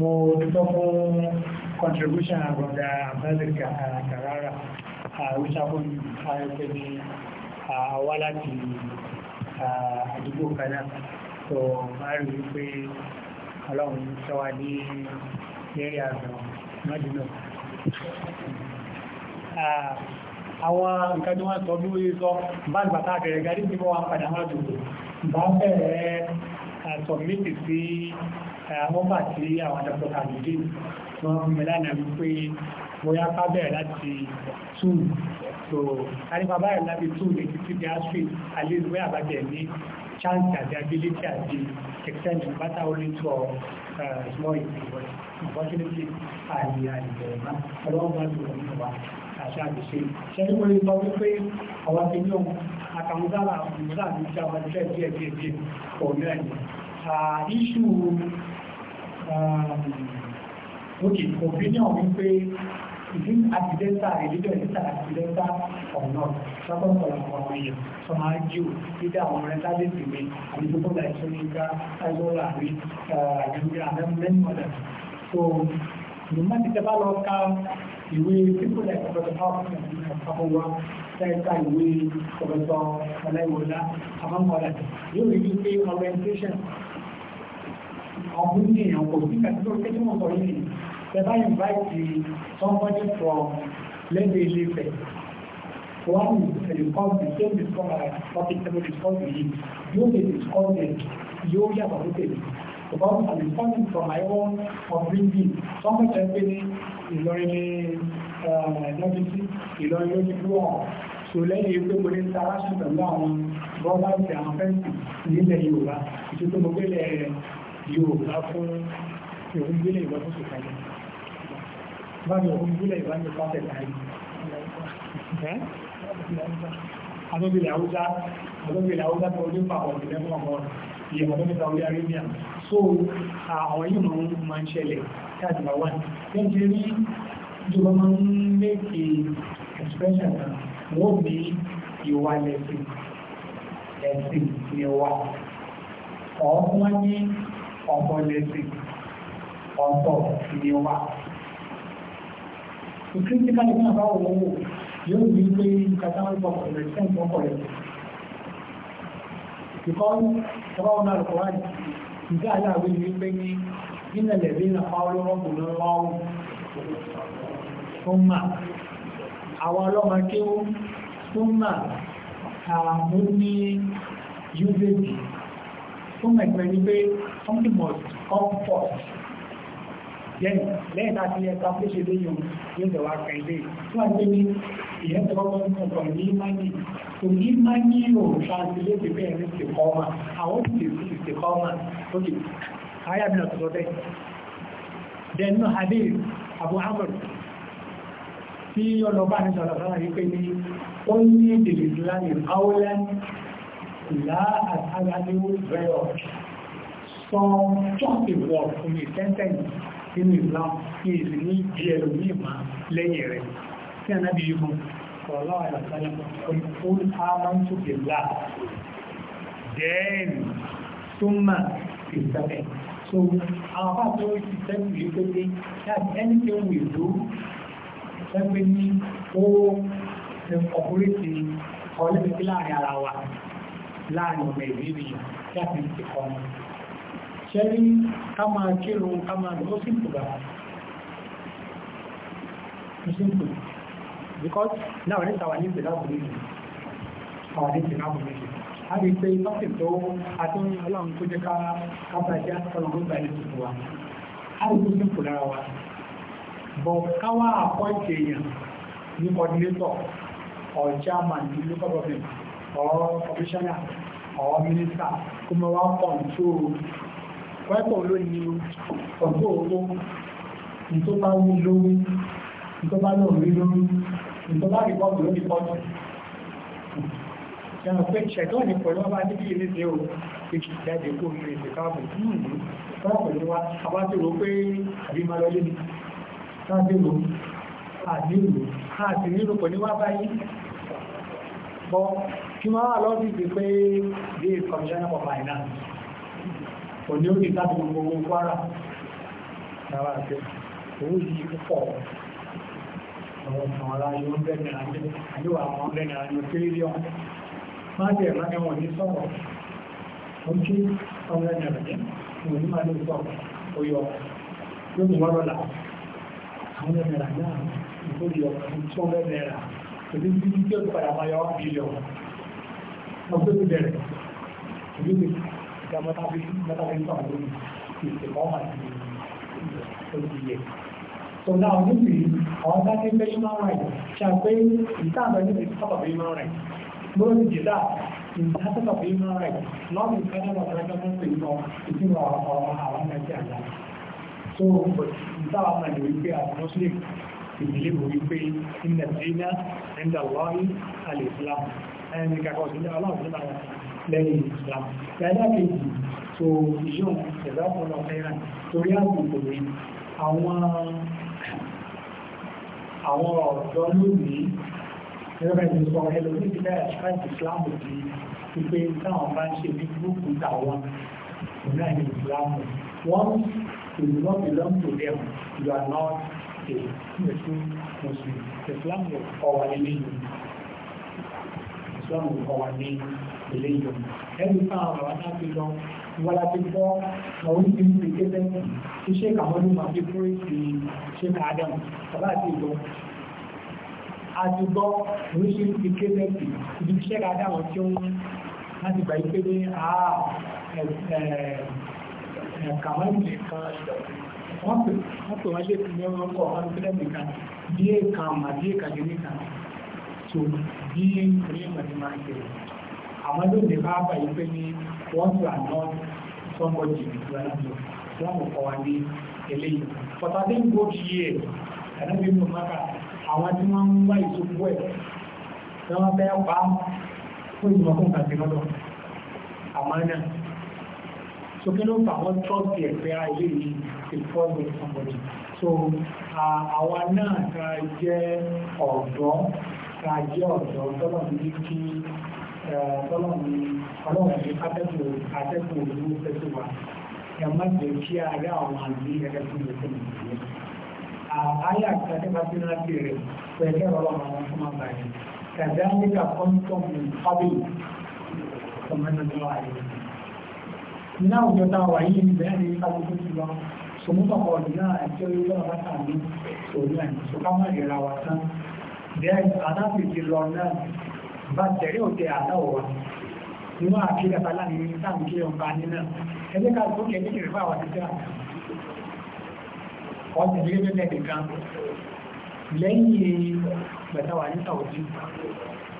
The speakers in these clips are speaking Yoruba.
mo dúpọ́ fún contribution àgbọ̀dà àbẹ́lẹ̀kà àkàràrà àwùjáfún ààrẹ ní àwa láti uh, àdúgbò kaná tó máa rí wípé ọlọ́run sọ́wá ní lérí àgbọ̀n mọ́dúnà uh, àwọn nǹkan tí wọ́n sọ bí wọ́n sọ bá ń gbàtà àbẹ̀rẹ̀ gàdí tí wọ́n wá padà wọ́n dùn bá bẹ̀rẹ̀ uh, submit sí nọ́mbà tí àwọn dr kàdìdì wọ́n fún mi lánàá wípé bóyá ká bẹ̀rẹ̀ láti 2 so kánípa báyìí láti 2 lè títí di astrid àlejò bóyá àbájẹ̀ ní chance àti ability àti extend bátà orí tó ọ small ìpínlẹ̀ unfortunately àyè àìbẹ̀rẹ̀ náà ọlọ́run bá ti wọ̀ nínú wa àṣà àgbèṣe ṣẹ́yìn wọlé sọ wípé àwọn ti ní ohun àkàmúdàlà àmúdàlà ní ìjà wọn okay opinion wípé ìdí àtìdẹ́ta ìdíjọ́ ìdíta àtìdẹ́ta ọ̀nà lọ́pọ̀lọpọ̀ àwọn èèyàn tó máa jíò dídá àwọn ọ̀rẹ́ sábẹ́sì mi àti tó kọ́lá ìṣẹ́lẹ́gá àìsọ́lá àrí àjọyọ̀ àmẹ́mọ́dà so ìgbìmọ̀ ti tẹ́bá lọ ká ìwé people like Professor Hawkins àpapọ̀wá lẹ́ẹ̀ka ìwé Professor Ọláìwọlá àmọ́mọ́dà yóò rí wípé orientation àwọn burúkú èèyàn kò sí kàtí lórí kéjì mọ̀ sọ̀rọ̀ yìí tẹ́bá invite somebody from lẹ́gbẹ̀ ilé Ifẹ̀ wọ́n ní ìdìkọ́ the same discover topic table discuss yìí yóò lè discuss it yóò yàtọ̀ lókè because I'm responding from my own upbringing somebody tẹ́ pé ní Ìlọrin ní ẹ̀ẹ́dẹ́gbẹ̀sí eh, Ìlọrin ló ti dúró ọ̀hún ṣòlẹ́yìn ìgbé mo ní sára ṣùgbọ́n àwọn bọ́ọ̀lá ìṣẹ̀ àwọn fẹ́ǹsì nílẹ̀ Yorùbá ìṣètò mo gbélé rẹ̀ Yorùbá fún ìrùn gbílẹ̀ ìwọ́n tó sì kalẹ̀. Báyìí òun gbílẹ̀ ìwọ́n ní pàtẹ́ láàyè. Adóbìlẹ̀ Haúsá, Adóbìlẹ̀ Haúsá tó ní pàpọ̀ ìlẹ̀ fún ọmọ ìyẹ̀ mọ̀ lórí Saudi Arabia. So, àwọn yìí máa ń ṣẹlẹ̀ káàdì bá wà. Wọ́n ti rí ìjọba máa ń méèkì expression náà, wọ́n ní ìwà lẹ́sìn, ẹ̀sìn ni wà. Ọ̀ọ́ wọ́n ní ọ̀pọ̀ lẹ́sìn ọ̀pọ̀ ni wà. Ìkíńtí káyọ̀ náà bá wọ̀ wò yóò rí pé kàtà ń pọ̀pọ̀ rẹ̀ sí ìpọ̀pọ̀ rẹ̀. Ìkọ́ni ọba ọ̀nà àlùkọ́wà ìdí àyàwó yìí pé ní nínú ẹ̀lẹ́bí náà pa ọlọ́wọ́ kò lọ lọ́wọ́ fún mà. Àwọn ọlọ́mọ kéwú fún mà àwọn súnmọ̀ ìpẹ́ ní pé something must come forth yẹ́nì lẹ́yìn láti ẹta pé ṣe lé yòó yóò dẹ̀ wá kẹ́ ilé tí wọ́n gbé ní ìyẹn tó kọ́kọ́ ní ọkọ̀ ní mání kò ní mání ò translate bẹ́ẹ̀ ní ìsìnkọ́mà àwọn ti ti ìsìnkọ́mà lókè ayé àbí ọ̀tọ̀ bẹ́ẹ̀ dẹ̀nu hadith abu amr tí ọlọ́bà ní sọ̀rọ̀ sọ́nà yìí pé ní ó ní Allah al-Alamu Rayoc. Sọ just a word from a sentence nínú Islam ní èsì ní bí ẹlòmí ìmá lẹ́yìn rẹ̀. Tí a náà bí yìí fún, ọ̀lá àlàkálẹ̀ fún àmántù bèlá. Then, súnmà ìsẹ́fẹ̀. So, our part of it is that láàrin ọmọ ìrírí láti ti kọ́ ọmọ ṣẹ́rí ká máa kírun ká máa lọ sí ìpùgbà simple because now ní tàwà ní ìpìlá òmìnirí àwọn ní ìpìlá òmìnirí a rí pé lọ́sì tó àtún ọlọ́run tó jẹ́ ká kábàjá ọlọ́run gbà ní ìpìlá wa a rí tó simple lára wa bọ̀ káwá àpọ́ǹtì èèyàn ní coordinator or chairman ní local government or commissioner or minister kó mọ́ wá kọ̀ǹtó pẹ́pọ̀ ló ní ọ̀gbọ́ owó tó bá wú lórí tó bá lò rí lórí tó bá rí bọ́ọ̀lù lórí pọ́ọ̀tù ẹ̀rọ pé ṣẹ̀dọ́ ní pẹ̀lú ọba níbi ilé ṣe o kejì jáde kó ní èdè káàbọ̀ fún pẹ̀lú wa abátòrò pé àbí máa lọlé ní sáàdérò àdérò àti nílò pẹ̀lú wa báyìí bọ́ kí máa wà lọ́fíìsì pé bí i commissioner for finance kò ní orí ìtàbí gbogbo kwara náà àti owó yìí púpọ̀ àwọn ọ̀rọ̀ ayé ó ń bẹ̀ náà àyíwá àwọn ọ̀rẹ́ náà ní tírílíọ̀n máa bẹ̀rẹ̀ máa ẹwọ̀n ní sọ̀rọ̀ ó kí ọ̀rẹ́ náà rẹ̀ mo ní máa ní sọ̀rọ̀ ó yọ yóò mú wọ́rọ̀ là àwọn ọ̀rẹ́ náà náà ìfòyọ̀ tó ọ̀rẹ́ náà kò ní bí i tí ó padà ọdún tó bẹ̀rẹ̀ ìlú mi ìjà mọ́tàbí mọ́tàbí ń sọ̀rọ̀ lórí ìṣèkọ́ àti olùdíyẹ. So now níbi àwọn dáké fẹ́ human rights ṣàpé ìta àbẹ̀ níbi top of human rights. Mo lọ sí jìdá ìta top of human rights lọ́ọ̀mù ìfẹ́lẹ́ lọ fẹ́ fẹ́ fẹ́ pè mọ́ ìtumọ̀ ọ̀rọ̀ àwọn ẹgbẹ́ àgbà. So ìta àwọn ọmọ ìlú wípé àwọn Muslim ìdílé wò wípé ìnàdínà ẹ̀ńdà wáyé àlè Islam ẹni kàkọ́ sí ọlọ́run nípa wọn lẹ́yìn islam yàrá kejì tó yíò ẹ̀dá ọ̀pọ̀lọ fẹ́ràn torí àbùkù rẹ̀ àwọn àwọn islam ti wípé táwọn bá ń ṣe ní gúrùpù islam wọ́n to do not belong to them you are not a true muslim islam or religion ìsìlámù kọ́ wa ní ilé ìjọ ẹni fáwọn ọ̀rọ̀ wá láti lọ wọ́n láti gbọ́ ọ̀hún ti ń pèké lẹ́yìn tí ṣé kàmọ́lù máa fi kúrò sí ṣé ká ádámù ọ̀rọ̀ àti ìjọ àti gbọ́ ọ̀hún ṣe ń pèké lẹ́yìn ibi ṣé ká ádámù tí ó ń láti gbà yí pé ní àá kàmọ́lù nìkan wọ́n pè wọ́n ṣe ti ní ọkọ̀ ọ̀hún kan so bí onímọ̀ ní máa ń ṣe àwọn lónìí bá bá yìí pé ní once you are not somebody you are not you wọ́n kò kọ́ wa ní eléyìí but I think both years ẹ̀rọ bí mo máa kà àwọn tí wọ́n ń wá ìsopú ẹ̀ tí wọ́n fẹ́ pa fún ìmọ̀ kàtí lọ́dọ̀ àmọ́ náà so kí ló fà wọ́n trust ẹ̀ pé a eléyìí is for somebody so àwa náà ká jẹ́ ọ̀dọ́ ká jẹ́ ọ̀dọ́ tọ́lọ̀ ní kí tọ́lọ̀ ní ọlọ́run ní atẹ́kùn atẹ́kùn òdúró fẹ́sẹ̀ wa ẹ má jẹ́ kí a rí àwọn àgbẹ̀ gẹ́gẹ́ bí mo fẹ́ mi nìyẹn. àyà àtẹ́kùn bá ti rántí rẹ̀ pẹ̀lú ọlọ́run àwọn fún àgbà yẹn kàdá ní ká kọ́ńtọ́m ní fábílì ọmọdéjọ́ ayé. ní àwùjọ tá a lọ bá tà òun náà ní sọ́kámọ́ ìrẹ̀lá wa tán then aláfíìsì lọ náà bá tẹ̀rí òtẹ àdáwò wa inú àkílẹ̀ bala ní sáàmù kí ọba nínà ẹgbẹ́ ká tó kẹ́ kékeré fún àwọn títà ọdún ilé mẹ́lẹ̀ nìkan lẹ́yìn gbẹ̀tàwà ní sàwọ́jú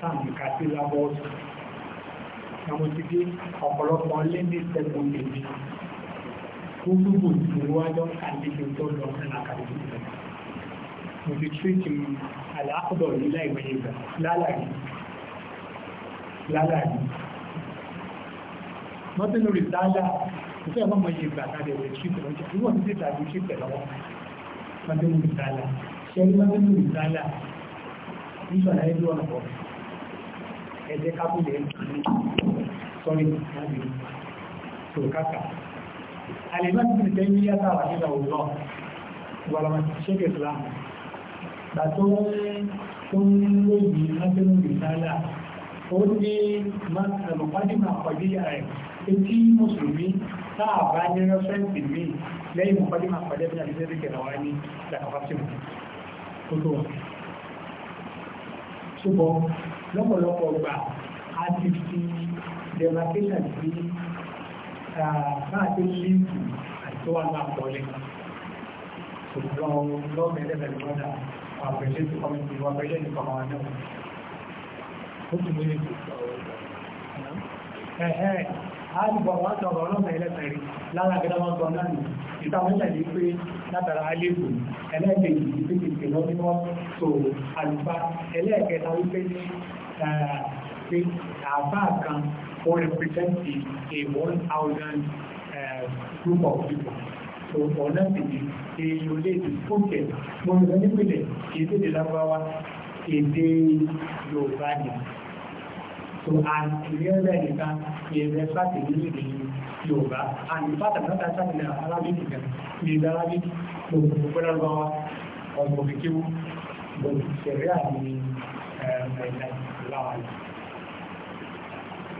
sáàmù ká sí lábọ́ ọdún àwọn ti dé ọ̀pọ̀lọpọ̀ lé ní sẹ́gun lèmi gbogbo ìwájọ́ àlejò tó lọ sí àkàlẹ̀ mo ti àlàáfọ̀dọ̀ yìí láìmọ̀ ìgbà lálàrí lálàrí mọ́tínú rí sáálà ìfẹ́ ọmọ yìí gbà láti rẹ̀ sí pẹ̀lú ọjọ́ ìwọ̀n títí tàbí sí pẹ̀lú ọwọ́ mọ́tínú rí sáálà ṣẹ́rí mọ́tínú rí sáálà nígbàlá ẹ̀dú ọ̀nà bọ̀ ẹ̀jẹ̀ kábùlẹ̀ sọ́rí láti sòkákà àlèmọ́tínú tẹ́yìn yàtà wà nígbà òwúrọ̀ wàlámà ṣẹ́kẹ̀ ìsìlámù gbàtó tó ń lóyìn lábẹ́rún ìsáàlá ó ní mọ́kànlá kọjíyà rẹ̀ etí mùsùlùmí táàbá ní rẹ́fẹ́ǹsì mi lẹ́yìn mọ́kànlá kọjá bí àti sẹ́rẹ̀ kẹrẹ wá ní ìdàkọ̀fásíwò tó tó wà ṣùgbọ́n lọ́pọ̀lọpọ̀ gbà a ti fi demarcation sí káàkiri líìpù àti tó wà ní àpọ̀lẹ̀ ṣùgbọ́n lọ́mẹ́lẹ́mẹ́lẹ́mọ́dà I appreciate the comment. You appreciate the comment. What do you mean? Ẹ̀hẹ́, a ti bọ̀ wọ́n sọ̀rọ̀ ọlọ́mọ ẹlẹ́sẹ̀rí lára gẹ́gẹ́ wọ́n sọ náà nì. Ìtàwọ́sẹ̀ ní pé látara alébù, ẹlẹ́ẹ̀kejì wípé kìkì lọ ní wọ́n so àlùfà, ẹlẹ́ẹ̀kẹta wípé ní pé àbá kan ó representative a one thousand uh, group of people. So ọ̀nà tèmi èyí ò lè fúnkẹ̀ mo ní nípìnlẹ̀ èdè èdè lábáwá èdè Yorùbá ni so and ìrẹ́lẹ̀ nìkan ìrẹ́ sáti nínú èdè Yorùbá and ìfàtà mẹ́ta sáti ní Arabic nìkan ní èdè Arabic gbogbo pẹ́lú lábáwá ọgbọ̀n kékeré gbogbo ìṣẹ̀rẹ́ àmì ẹ̀ẹ́dẹ̀ẹ́dẹ́ láwàlẹ̀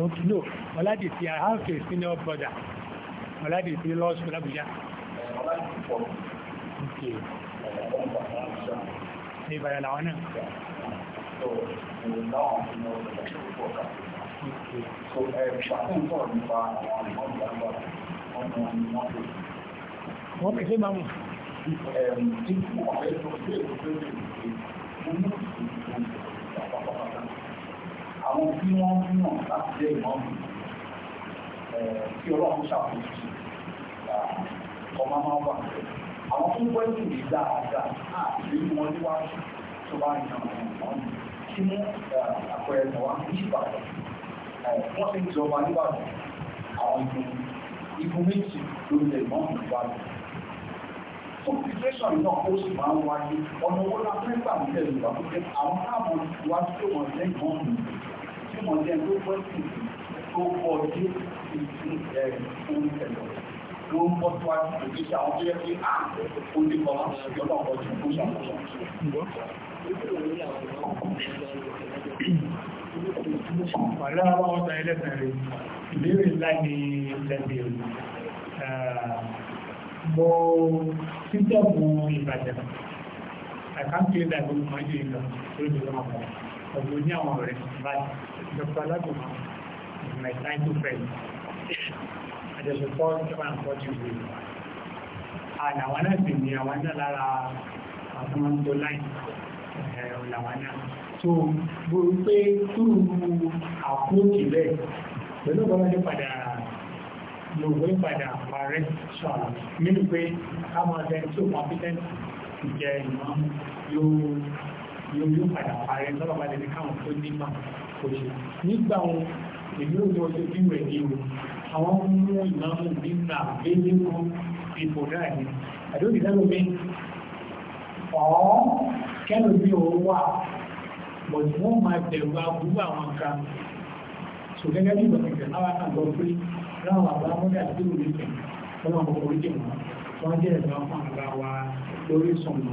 don't know Ọládìsí I have a senior brother Ọládìsí law school Abuja okay ní ìbàdàn làwọn náà So, ẹ̀rù ṣàtúntọ̀ nípa àwọn ìmọ̀lẹ̀ àgbà ọmọ ìmọ̀lẹ̀. Wọ́n pèsè máa mú ẹ̀rù tí kò ọ̀fẹ́ tó fẹ́ òfin òfin òfin àwọn tí wọ́n ń mọ̀ láti jẹ́ ìmọ̀mù tí ọlọ́run ṣàkóso ọmọ máa wà àwọn tó gbọ́ ìlú yìí dáadáa àti ìlú wọn níwájú tó bá ń yan àwọn ìmọ̀mù kí mú àpẹẹrẹ tọ́wá ní ìbàdàn wọ́n ti ń jọba níbàdàn àwọn ìgbìmọ̀ igun méjì lórí ẹ̀gbọ́n ìwádìí. Complication náà ó sì máa ń wáyé ọ̀nà owó la fẹ́ gbà nílẹ̀ Yorùbá tó jẹ́ àwọn káàbọ̀ ìwádìí tó wọ̀n lẹ́gbọ̀n ìwádìí túmọ̀ jẹ́ tó pọ̀ sí tó pọ̀ dé ìtú ẹ̀rí àwọn tó yẹ ìbéèrè ńlá ni rẹ̀. Mo sísẹ̀mù Ìbàdàn, I can't play that with my dream, so it's not my problem ọ̀gbọ̀n ní àwọn ọ̀rẹ́ báyìí time to friend i just report seven and fourteen wey and àwọn náà sì ní àwọn náà lára àwọn tó láì làwọn náà so gbogbo pé túrú àpòkì bẹ́ẹ̀ pẹ̀lú ọgbọ́n ní padà lòwé padà parẹ́ sọ̀rọ̀ nínú pé ká máa fẹ́ tó competent jẹ ìmọ̀ yóò yóò padà parẹ́ lọ́rọ̀ bá lẹ́ni káwọn tó nípa kò ṣe nígbà wọn èmi ò lọ sí bí wẹ̀ ní o àwọn mú ìmáàmù nígbà bẹ́ẹ̀ mú ipò náà ni àdókè sẹ́nu mi ọ̀ kẹ́nu bí òun wà bọ̀dù wọn máa bẹ̀rù aburú àwọn kan sọ gẹ́gẹ́ bí ìgbọ̀n kẹ̀kẹ́ náà wà lọ pé ráwọn àbúrò amúdà tí ò ní kẹ̀ máa kọ̀ orí jẹ̀ wọ́n wọ́n jẹ́ ẹ̀dọ́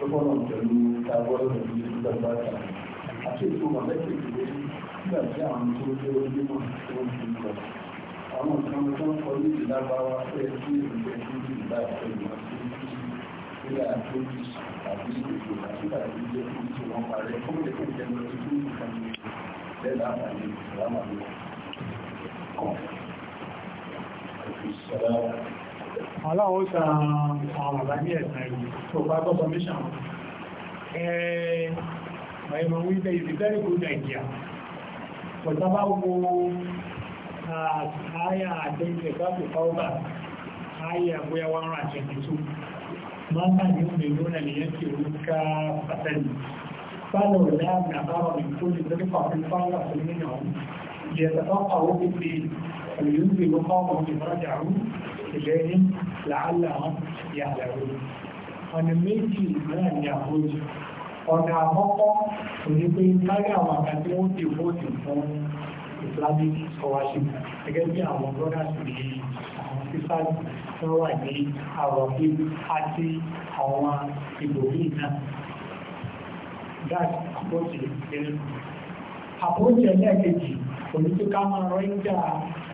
lọ́gbọ́nà pẹ̀lú tábọ́ọ̀lù ìgbàgbà àti ètò mọ̀lẹ́kẹ̀ẹ́ nígbà tí àwọn tó jẹ́ onímọ̀ tó ń fi lọ àwọn kan tó ń kọ ní ìlábáwá fẹ́ sí ìgbẹ́ tó ti ìgbà ìpẹ̀lú àti ìgbà tó ti tàbí ètò àtúntà tó jẹ́ tó ti wọ́n parẹ́ fún ẹ̀kọ́ ìjẹun tó ti nǹkan lẹ́la àti ìsìlámà lọ. Thank you aláwọ̀ sàn àwọn àbá ní ẹ̀sàn ìlú tó bá gbọ́ commission ẹ̀ẹ́ mẹ́rin wíńdẹ̀ is a very good idea pọ̀tá bá wo àyà àdẹ́jẹ̀ gáàpù fáwọ́bà àyà bóyá 122 máa bá ní ọmọ ìlú náà lèyàn tí ó ká pàtẹ́lì fáwọn láàrín àbáwọn ìfúnni tó ní pàtẹ́lì fáwọ́bà tó nínú ìyẹ̀tàfáwọ́ pípé ìlú ìlú fáwọn ìfọ́jà rú lẹ́yìn làálà yàrá ọ̀nà méjì náà ni àbójú ọ̀nà àkọ́kọ́ kò ní pé láyé àwọn àkàtí wọ́n ti fóòtù fún islamic scholarship gẹ́gẹ́ bí àwọn brothers ní àwọn sisters tó wà ní àwọ̀bí àti àwọn ìbòmí náà that approach is very good approach ẹlẹ́ẹ̀kejì kò ká máa rọ́ ń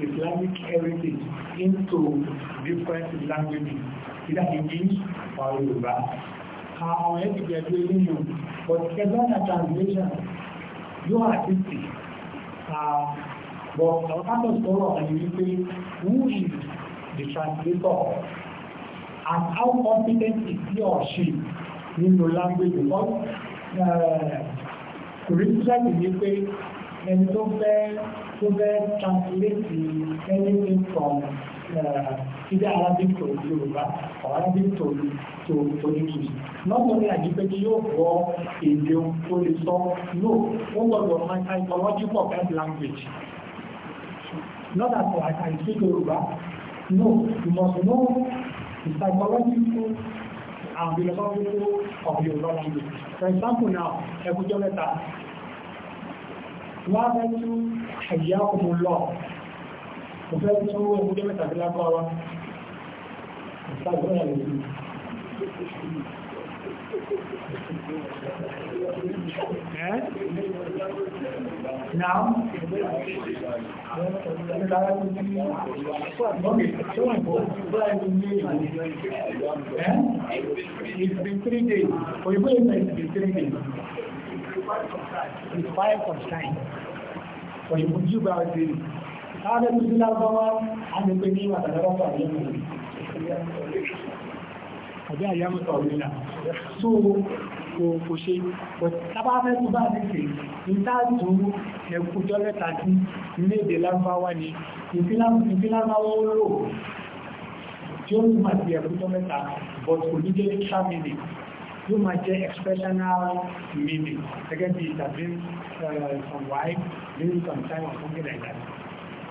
Islamic heritage into different languages, either English or Yoruba. Àwọn ẹ̀sì are ilé you, but Kẹgbọ́nà translation you yóò àtìsì. But our follow and you say who is the translator and how competent is he or she in nínú language because uh, curriculum ni pé and tó fẹ́ tó fẹ́ translate anything from either uh, Arabic to Yorùbá or Arabic to to to English lọ́pọ̀ ní àjípẹ́ tí you gbọ́ èdè tó lè sọ no wọ́n gbọ́dọ̀ my psychological bad language not that I can speak Yorùbá no you must know the psychological and philosophical of your language for example now ẹkùjọ́ mẹ́ta wọ́n á fẹ́ tún àyà ọmọ lọ kò fẹ́ tí ó wọ́n múlé mẹ́ta fílápá wa ìsáàgbọ́nà lè fi ẹ́ náà ìdára tó ti ní ọ̀gbọ́n tó wọ́n bọ̀ báyìí ní ẹ́ it's been three days òyìnbó ìgbà it's been three days it's five of time òyìnbó jù bá a gbé káàdé tó sí lágbọ́wọ́ a lè pé ní àtàlẹ́wọ́ pàdé mú àbí àyàmú sọ̀rọ̀ náà tó kò ṣe tábà fẹ́ tó bá ti ṣe ní táàtù ẹ̀kújọ́ lẹ́ta sí ilé èdè lágbáwá ni ìfìlágbáwá ó lò tí ó ń mà sí ẹ̀kújọ́ lẹ́ta but kò ní jẹ́ yóò máa jẹ́ expressional meaning gẹ́gẹ́ bí tàbí from eh, wife during some time or something like that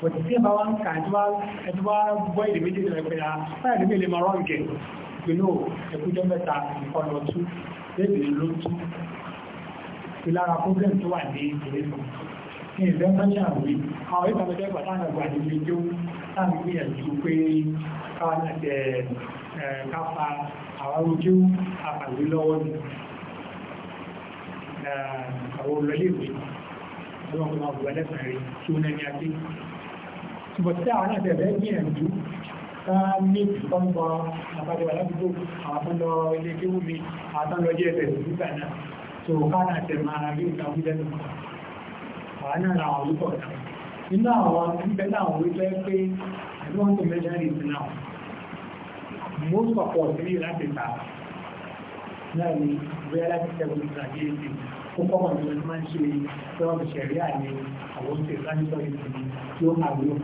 but tí ẹ bá wá ń kà ẹjú wá gbọ́ èdè méjì rẹ̀ pé àpáyà níbi ilé máa rọ́ǹkẹ̀ gbénú ẹkújọ́ mẹ́ta ọ̀nà tú lébi ló tú ti lára problem tó wà ní ìgbèlénu ní ìfẹ́ mọ́ṣẹ́ àwòrí àwọn ìfàmẹ́jọ́ ìgbà táwọn àgbà nílé jó táwọn ìgbìyànjú pé káwọn àti ẹ̀ẹ́dùn kápa àwárójú àpàlú lọ́wọ́ ní eh, àwọn olóléèwé àwọn ọmọ ọgbọ̀n lẹ́sàn rí tí ó náà ní àti ṣùgbọ́n tí àwọn àti ẹ̀rẹ́ gbìyànjú ká ní ìfọ́nbọ̀ àbájọba ládùúgbò àwọn tó lọ ilé kéwú mi àwọn tó lọ jẹ́ ẹ̀fẹ̀ nígbà náà tó ká náà tẹ̀ máa rí ìgbà wíjẹ́ tó kọ̀ àwọn náà làwọn olùkọ̀ náà nínú àwọn ìgbẹ́ náà wíjẹ́ pé ẹgbẹ́ most of us ní láti ta náà ni bóyá láti sẹ́gun ìtàgéèdè ó kọ́ wọn lọ máa ń ṣe tọ́ọ̀bù ṣẹ̀ríà ní àwọn oṣù ìsánitọ́ ìsinmi tí ó máa wúlò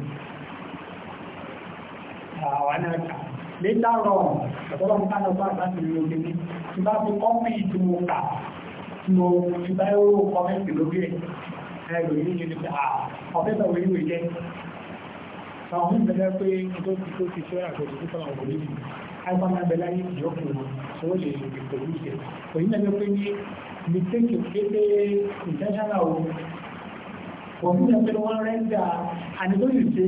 àwa náà kà létà rọ̀ ọ̀tọ́lọ́ ń ká lọ bá láti rí oge ní tí bá fi kọ́pì tí mo kà tí mo ti bá yóò kọ́mẹ́ntì lókè agbára bẹ láyé ìjọkùn wọn tí wọ́n lè lè pẹ̀lú ìṣẹ̀ òyìn náà ló pé ní mistake pépé intentional o wọ́n mú ẹgbẹ́ ni wọ́n rẹ́ńdà àníbóyè ṣe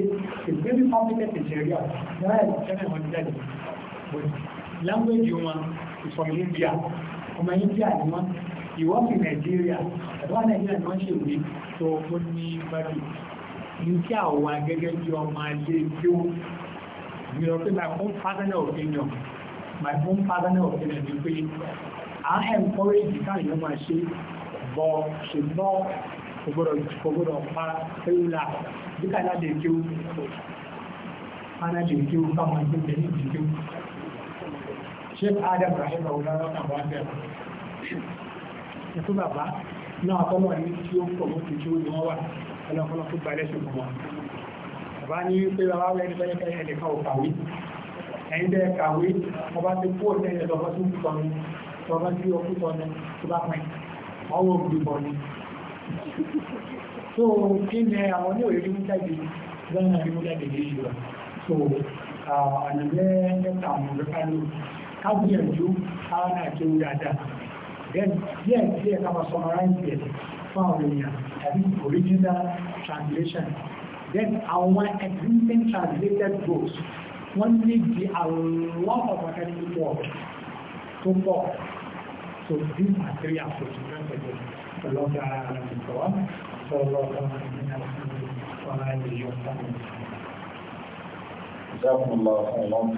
ìgbébí competent Nigeria náà ẹ̀ ṣẹ́nà wọn jáde language wọn ìfọ̀mù India ọmọ India ni wọ́n ìwọ́pì Nàìjíríà Nigeria Nàìjíríà ni wọ́n ṣe ìwé tó ó ní gbádùn ní kí àwọn gẹ́gẹ́ bí ọmọ ajé tí you know pé my own personal opinion my own personal opinion ni pé à ń encourage káyọ̀ ló máa she, bọ̀ she kò gbọ́dọ̀ kò gbọ́dọ̀ pa fẹ́rùlà bí káyọ̀ lè kí ó ana lè kí ó bá wọn gbé ní ìdí kí ó ṣe Adam Rahim Ọlọ́rọ̀ àwọn abẹ́ ẹ̀kú bàbá náà tọ́lọ́ ní tí ó pọ̀ mọ́ kí ó ní wọ́n wà ẹlọ́pọ̀lọpọ̀ balẹ̀ ṣùgbọ́n bá ní pé bàbá rẹ̀ ní pẹ́lẹ́pẹ́ ẹnìkan ò kàwé ẹ̀yìn bẹ́ẹ̀ kàwé ọba ti kú òtẹ́lẹ̀ lọ́bọ́ tí ó kútọ́ ni lọ́bọ́ tí ó kútọ́ ni tó bá pẹ́ ọwọ́ ògbìmọ̀ ni so kí ni àwọn ní òye mú jáde lọ́nà ní mú jáde ní ìṣúra so ọ̀nà mẹ́ta àwọn òrùka ló kábíyànjú káwọn náà kéwú dáadáa díẹ̀ díẹ̀ ká máa sọmọráìsì ẹ̀ fún àwọn èèyàn tàbí original translation then àwọn existing translated books wọ́n ní di àwọn ọ̀pọ̀tẹ́lẹ̀ pọ̀ tó pọ̀ so these are three approaches ọlọ́gbà ara nìkọ́ ọlọ́gbà ara nìkọ́